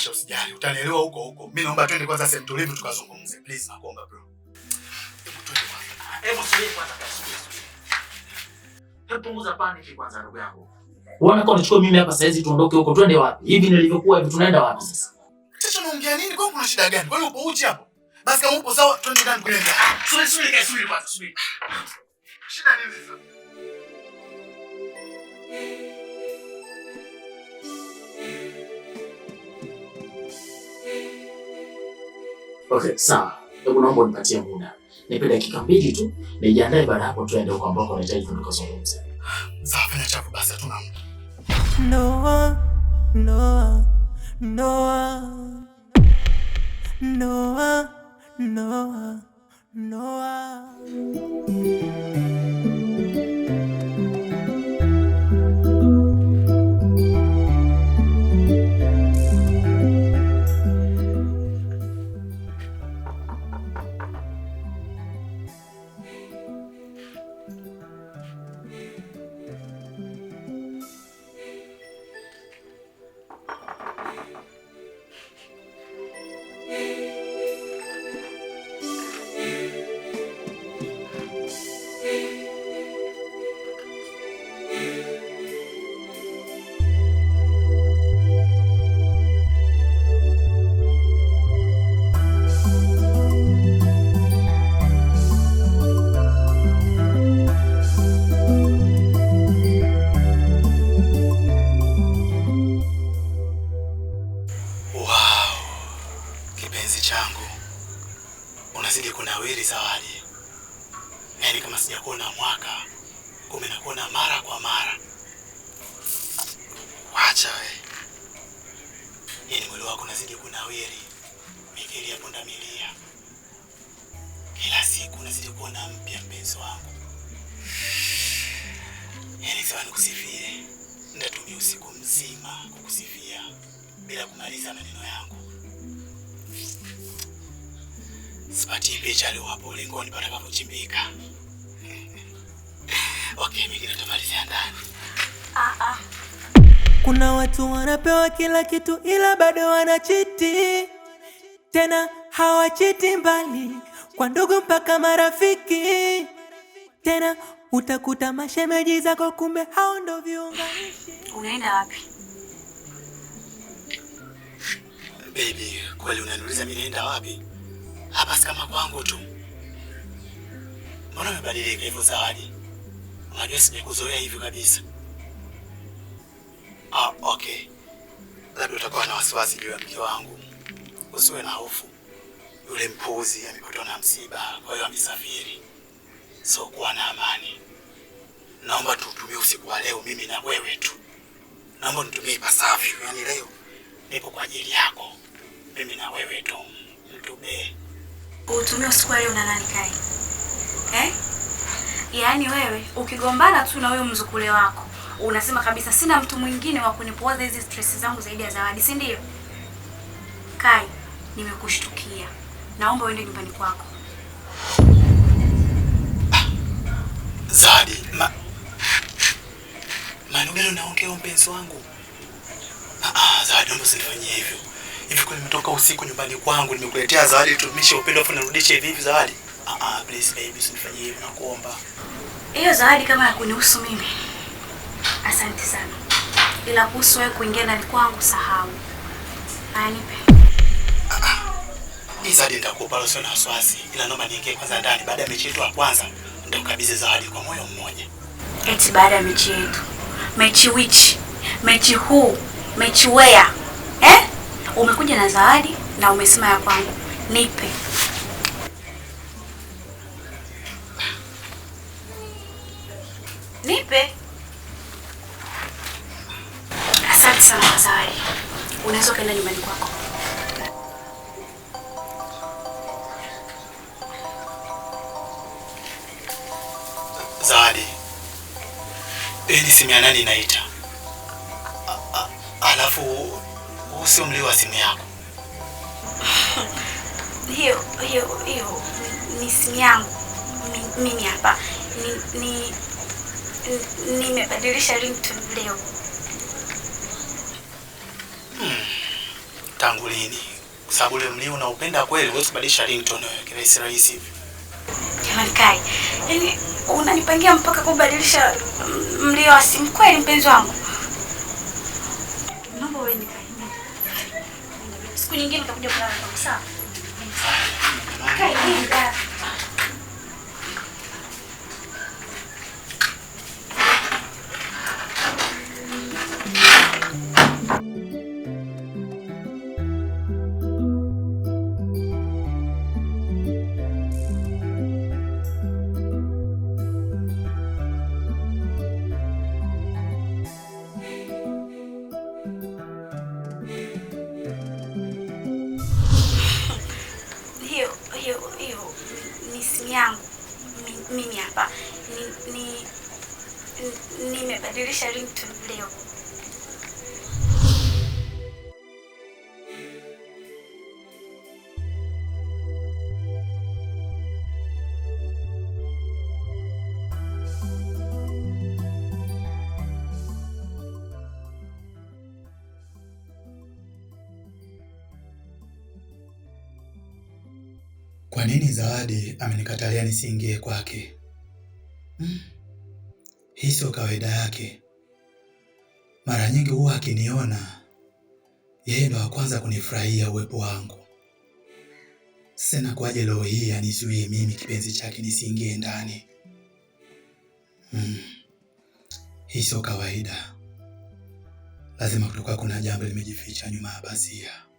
Acha usijali, utanielewa huko huko. Mimi naomba twende kwanza sehemu tulivu tukazungumze. Please nakuomba bro. Hebu twende kwanza. Hebu subiri kwanza. Hebu punguza panic kwanza ndugu yako. Wanataka nichukue mimi hapa saizi tuondoke huko twende wapi? Hivi nilivyokuwa hivi tunaenda wapi sasa? Sasa unaongea nini? Kwa kuna shida gani? Wewe upo uchi hapo? Basi kama upo sawa twende ndani kule. Subiri subiri kae subiri kwanza subiri. Shida nini sasa? Okay, sawa. Hebu naomba nipatie muda. Nipe dakika mbili tu, nijiandae baada hapo tuende huko ambako unahitaji tukazungumze. Sawa, fanya chapu basi tuna. No. No. No. No. No. No. unazidi kunawiri Zawadi, yaani kama sijakuona mwaka kumbe nakuona mara kwa mara. Wacha we, yaani mwili wako unazidi kunawiri mithili ya milia, kila siku unazidi kuona mpya, mpenzi wangu. Yaani sawa, nikusifie, nitatumia usiku mzima kukusifia bila kumaliza maneno yangu sipati picha liwapo ulingoni pata patakapochimbika. Okay, mikinatomarizia ndani. Ah, ah. Kuna watu wanapewa kila kitu ila bado wanachiti, tena hawachiti mbali kwa ndugu mpaka marafiki, tena utakuta mashemeji zako kumbe hao ndo viunganishi. Unaenda wapi? Baby, kweli unaniuliza mimi naenda wapi? Hapa si kama kwangu tu. Mbona umebadilika hivyo Zawadi? Unajua sijakuzoea hivyo kabisa. Ah, okay. Labda utakuwa na wasiwasi juu ya mke wangu. Usiwe na hofu. Yule mpuzi amepatwa na msiba, kwa hiyo amesafiri. So kuwa na amani. Naomba tutumie usiku wa leo mimi na wewe tu. Naomba nitumie ipasavyo. Yaani leo nipo kwa ajili yako. Mimi na wewe tu. Mtubee utumie usiku una nani kai eh? Yaani wewe ukigombana tu na huyo mzukule wako unasema kabisa sina mtu mwingine wa kunipoza hizi stress zangu zaidi ya Zawadi, si ndio? Kai, nimekushtukia, naomba uende nyumbani kwako. Zawadi, ma maneno gani unaongea mpenzi wangu? Ah, ah Zawadi, naomba usifanye hivyo hivi kwa nimetoka usiku nyumbani kwangu, nimekuletea zawadi, tumishi upendo afu narudishe hivi hivi zawadi? Ah ah, please baby, usinifanyie hivyo, nakuomba. Hiyo zawadi kama ya kunihusu mimi, asante sana, ila kuhusu wewe kuingia ndani kwangu, sahau. Anipe ah, ah. hii zawadi, nitakupa leo, sio na wasiwasi, ila naomba niingie kwanza ndani. Baada ya mechi yetu ya kwanza, nitakukabidhi zawadi kwa moyo mmoja. Eti baada ya mechi yetu? Mechi which? Mechi who? Mechi where? Umekuja na zawadi na umesema ya kwangu, nipe. Nipe. Asante sana kwa zawadi. Unaweza ukaenda nyumbani kwako. Zawadi. Hii simu ya nani inaita? Alafu huu sio mlio wa simu yako? hiyo hiyo hiyo ni simu yangu mimi hapa, ni nimebadilisha ringtone leo. Hmm. Tangu lini? Kwa sababu ule mlio unaupenda kweli, huwezi kubadilisha ringtone wewe kirahisi rahisi hivi. Jamani Kai, yaani unanipangia mpaka kubadilisha mm, mlio wa simu kweli mpenzi wangu? Kuningil ka mo na ang usap. Kay Hilda. mimi hapa ni nimebadilisha ni, ni ringtone leo Kwa nini Zawadi amenikatalia nisiingie kwake? Hmm, hii sio kawaida yake. Mara nyingi huwa akiniona yeye ndo wa kwanza kunifurahia uwepo wangu. Sina kwaje leo hii anizuie mimi kipenzi chake nisiingie ndani. Hmm, hii sio kawaida. Lazima kutoka kuna jambo limejificha nyuma ya pazia.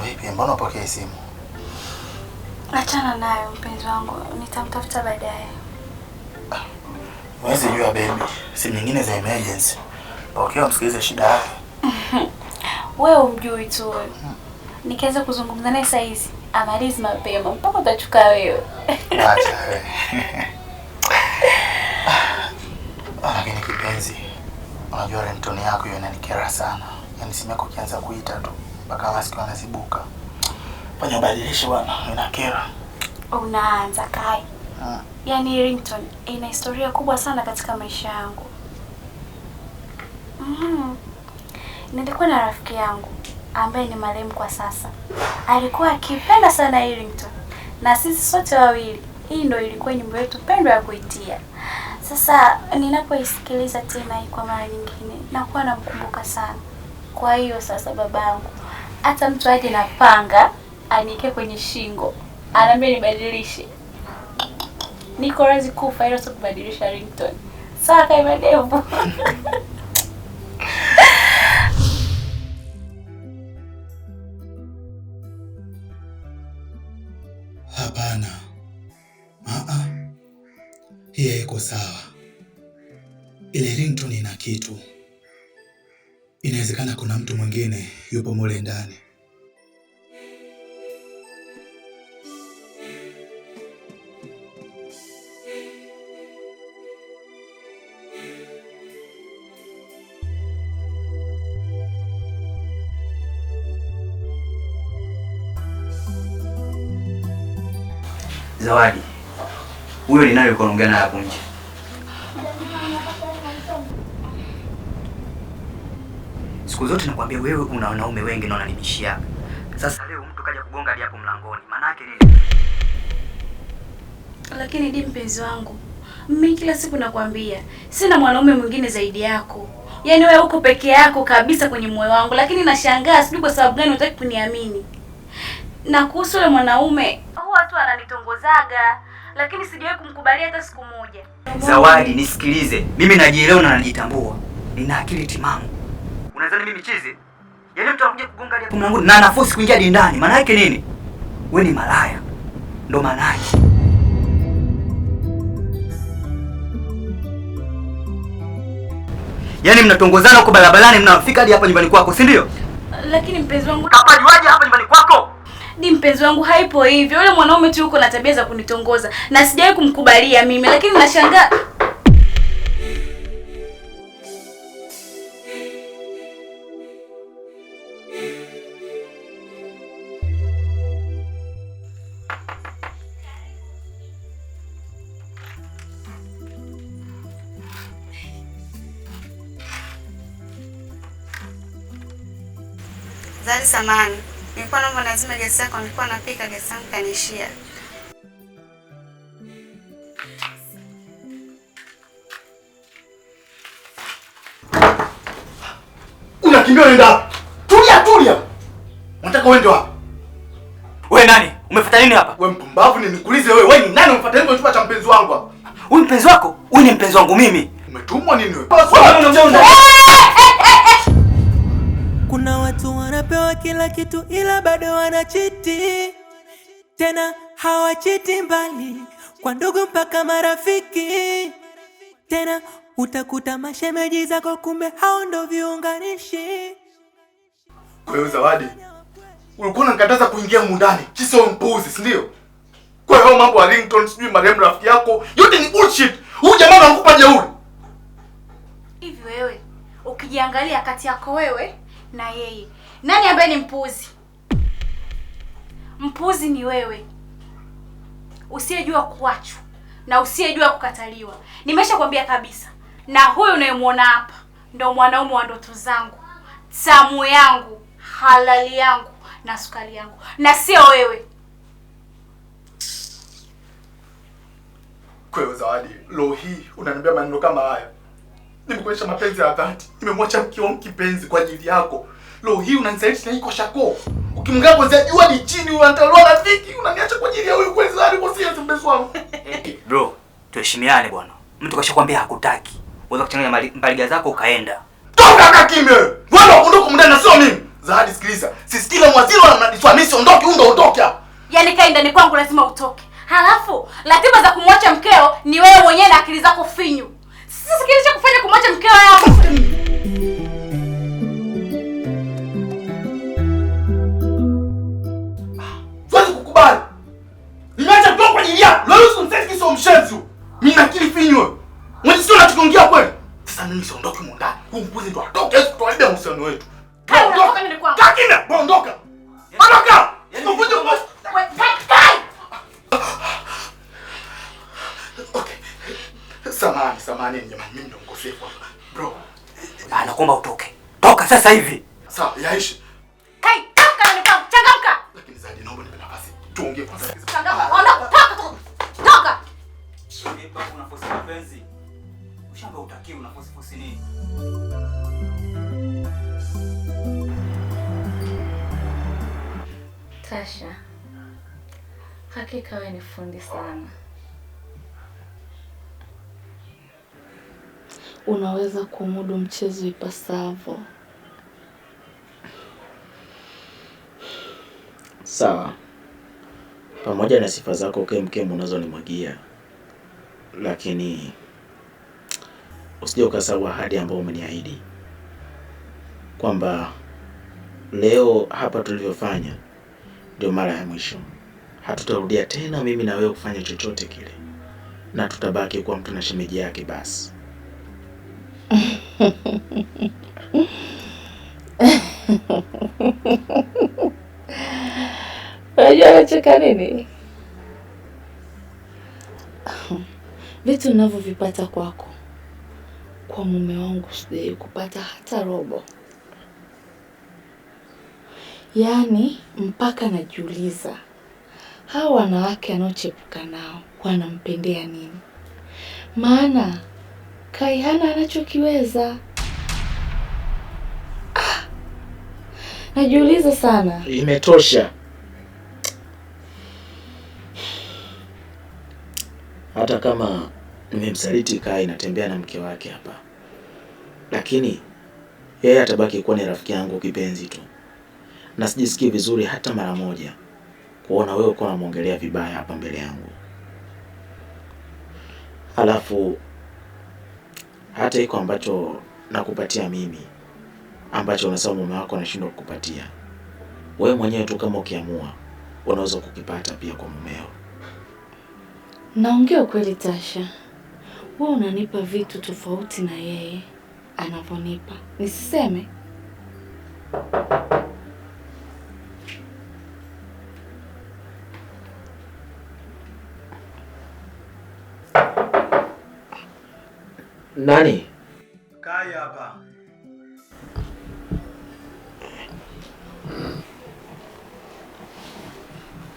Vipi, mbona upokee simu? Achana nayo mpenzi wangu, nitamtafuta baadaye. Mwezi jua baby, simu nyingine za emergency. Pokea msikilize shida yake. Wewe umjui tu. Nikianza kuzungumza naye saa hizi, amalizi mapema mpaka utachuka wewe. Acha wewe. Ah, lakini kipenzi, unajua ringtone yako hiyo inanikera sana. Yaani simu yako ukianza kuita tu mpaka masikio yanazibuka. Fanya ubadilishe bwana, inakera. Unaanza Kai. Ha. Yaani ringtone ina historia kubwa sana katika maisha yangu. Mm. Nilikuwa na rafiki yangu ambaye ni marehemu kwa sasa. Alikuwa akipenda sana ringtone. Na sisi sote wawili, hii ndio ilikuwa nyimbo yetu pendwa ya kuitia. Sasa ninapoisikiliza tena hii kwa mara nyingine, nakuwa namkumbuka sana. Kwa hiyo sasa babangu hata mtu aje na panga anike kwenye shingo anaambia nibadilishe, niko razi kufa, ila sio kubadilisha ringtone. Sawa kai madevu Hapana, hiyo iko sawa, ile ringtone ina kitu Inawezekana kuna mtu mwingine yupo mule ndani. Zawadi, huyo ninayo uko naongea naye hapo nje. Siku zote nakwambia wewe una wanaume wengi na unanibishia. Sasa leo mtu kaja kugonga hapo mlangoni. Maana yake nini? Lakini di mpenzi wangu, mimi kila siku nakwambia sina mwanaume mwingine zaidi yako. Yaani wewe uko peke yako kabisa kwenye moyo wangu, lakini nashangaa sijui kwa sababu gani unataka kuniamini. Na kuhusu yule mwanaume, huwa tu ananitongozaga, lakini sijawahi kumkubalia hata siku moja. Zawadi, nisikilize. Mimi najielewa na najitambua. Nina akili timamu nadhani mimi chizi? Yaani mtu anakuja kugonga hapo mlangoni na anaforce kuingia dindani. Maana yake nini? Wewe ni malaya. Ndo maana yake. Yaani mnatongozana huko barabarani mnafika hadi hapa nyumbani kwako, si ndio? Lakini mpenzi wangu, hapa juaje hapa nyumbani kwako? Ni mpenzi wangu, haipo hivyo. Yule mwanaume tu yuko na tabia za kunitongoza na sijawahi kumkubalia mimi, lakini nashangaa zali samani, nilikuwa naomba nazima gesi yako, nilikuwa napika gesi yangu kanishia. Unakimbia unaenda? Tulia, tulia. Unataka uende wapi? Wewe nani? Umefuata nini hapa? Wewe mpumbavu, ni nikuulize wewe, wewe ni nani umefuata nini kwa chumba cha mpenzi wangu hapa? Huyu mpenzi wako? Huyu ni mpenzi wangu mimi. Umetumwa nini wewe? watu wanapewa kila kitu ila bado wanachiti, tena hawachiti mbali kwa ndugu mpaka marafiki, tena utakuta mashemeji zako kumbe hao ndo viunganishi. Wewe Zawadi, ulikuwa unakataza kuingia mundani chiso mpuzi, si ndio? Kwa hiyo mambo ya ringtone sijui marehemu rafiki yako yote ni bullshit. Huyu jamaa anakupa jeuri hivi. Wewe ukijiangalia kati yako wewe na yeye. Nani ambaye ni mpuzi mpuzi ni wewe usiyejua kuachwa na usiyejua kukataliwa. nimesha kuambia kabisa, na huyu unayemwona hapa ndo mwanaume wa ndoto zangu, tamu yangu, halali yangu na sukari yangu, na sio wewe. Kwewe Zawadi, leo hii unaniambia maneno kama haya nimekuonyesha mapenzi ya dhati, nimemwacha mkiwa wangu kipenzi kwa ajili yako. Leo hii unanisaliti na hii kwa shako, ukimngaa kwanzia jua ni chini, unanitalia rafiki, unaniacha kwa ajili ya huyu kweli zani kwa sisi mpenzi wangu. Eh, bro, tuheshimiane bwana, mtu kashakwambia hakutaki, unaweza kuchanganya mbaliga zako ukaenda. Toka kaka kimya wewe, wewe undoka mndani, sio mimi. Zahadi, sikiliza, sisikile mwazilo na mnadifamisi, ondoke undo ondoke hapa. Yaani kaa ndani kwangu lazima utoke, halafu ratiba za kumwacha mkeo ni wewe mwenyewe na akili zako finyu. Sasa kilicho kufanya kumwacha mkeo yako? Siwezi kukubali. Nimeacha kwa ajili yako. Leo usimseti kiso mshenzi. Mimi nakili finywe. Wewe sio unachokiongea kweli. Sasa mimi siondoke mundani. Huu mbuzi ndo atoke, siwezi kutoa ile wetu. hata sasa hivi. Sawa, yaishi. Kai, kamka na kamka, changamka. Lakini zaidi naomba nipe nafasi. Tuongee kwanza. Changamka, ona toka toka. Toka. Sio babu kuna fosi mapenzi. Ushamba utakiwa una fosi fosi nini? Tasha. Hakika wewe ni fundi sana. Unaweza kumudu mchezo ipasavyo. sawa, pamoja na sifa zako kemkem unazonimwagia, lakini usije ukasahau ahadi ambayo umeniahidi kwamba leo hapa tulivyofanya ndio mara ya mwisho, hatutarudia tena mimi na wewe kufanya chochote kile, na tutabaki kuwa mtu na shemeji yake basi. Unajua anacheka nini? Vitu ninavyovipata kwako, kwa mume wangu sijawahi kupata hata robo. Yaani mpaka najiuliza hawa wanawake anaochepuka nao wanampendea nini? Maana Kai hana anachokiweza. Ah, najiuliza sana. Imetosha. hata kama nimemsaliti Kai, natembea na mke wake hapa, lakini yeye atabaki kuwa ni rafiki yangu kipenzi tu, na sijisikii vizuri hata mara moja kuona wewe uko unamwongelea vibaya hapa mbele yangu. Halafu hata iko ambacho nakupatia mimi ambacho unasema mume wako anashindwa kukupatia wewe mwenyewe tu, kama ukiamua unaweza kukipata pia kwa mumeo. Naongea ukweli Tasha, we unanipa vitu tofauti na yeye anavyonipa. Nisiseme nani? Kaya hapa.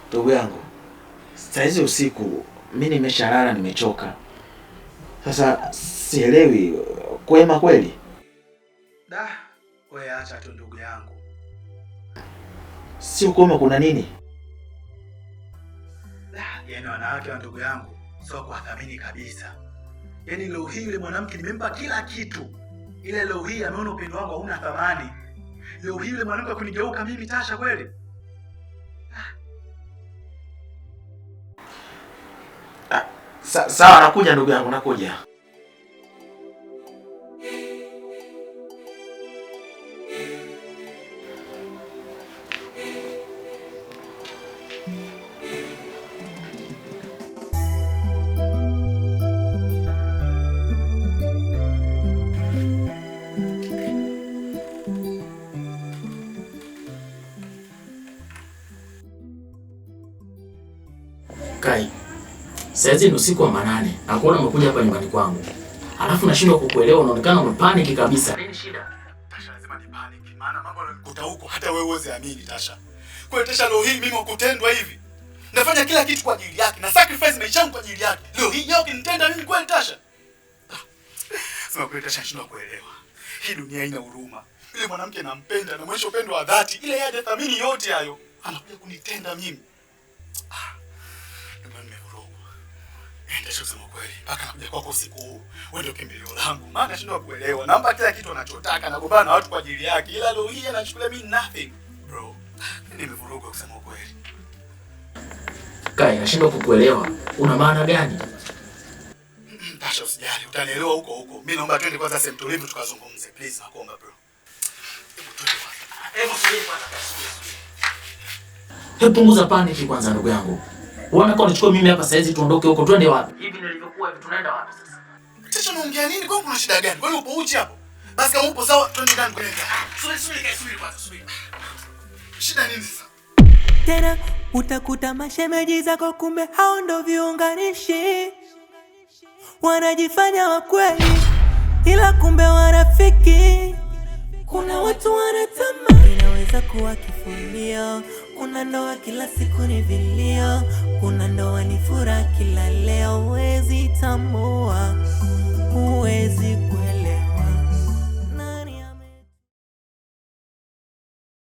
Ndugu yangu, saizi usiku mi nimeshalala, nimechoka. Sasa sielewi kwema kweli. Da, wewe acha tu ndugu yangu, si ukoma, kuna nini? Yaani wanawake wa ndugu yangu sio kuwathamini kabisa. Yaani leo hii yule mwanamke nimempa kila kitu, ile leo hii ameona upendo wangu hauna thamani. Leo hii yule mwanamke kunigeuka mimi Tasha kweli Sa, sawa nakuja ndugu yangu nakuja. Kai. Saizi ni usiku wa manane, nakuona umekuja hapa nyumbani kwangu, alafu nashindwa kukuelewa. Unaonekana umepanic kabisa. Nini shida? Tasha, lazima panic, maana mambo yanakuta huko, hata wewe uweze amini. Tasha, kwa hiyo Tasha, leo hii mimi kutendwa hivi, nafanya kila kitu kwa ajili yake na sacrifice maisha yangu kwa ajili yake, leo hii yeye ukinitenda mimi kweli? Tasha, ah. sema kweli, Tasha, nashindwa kuelewa hii dunia haina huruma. Yule mwanamke nampenda na mwisho upendo wa dhati, ile yeye hajathamini yote hayo, anakuja kunitenda mimi Endesha kusema kweli. Paka nakuja kwako usiku huu. Wewe ndio kimbilio langu. Maana nashindwa kuelewa. Naomba kila kitu anachotaka na watu kwa ajili yake. Ila leo hii anachukulia mimi nothing. Bro, kusema kweli. Kai, nashindwa kukuelewa. Una maana gani? Tasha, usijali. Utanielewa huko huko. Mimi naomba twende kwanza sehemu tulivu tukazungumze. Please, nakuomba bro. Hebu twende kwanza. Hebu kwanza. Hebu punguza kwanza ndugu yangu. Unaona kwa nichukue mimi hapa saizi, tuondoke huko twende wapi? Hivi nilivyokuwa hivi tunaenda wapi sasa? Sasa unaongea nini? Kwa kuna shida gani? Kwani upo uchi hapo? Basi kama upo sawa twende ndani kwenye gari. Subiri subiri kai subiri kwanza subiri. Shida nini sasa? Tena utakuta mashemeji zako kumbe hao ndo viunganishi. Wanajifanya wa kweli ila kumbe warafiki. Kuna watu wanatamani inaweza kuwa kifunio. Kuna ndoa kila siku ni vilio, kuna ndoa ni furaha kila leo. Huwezi tambua, huwezi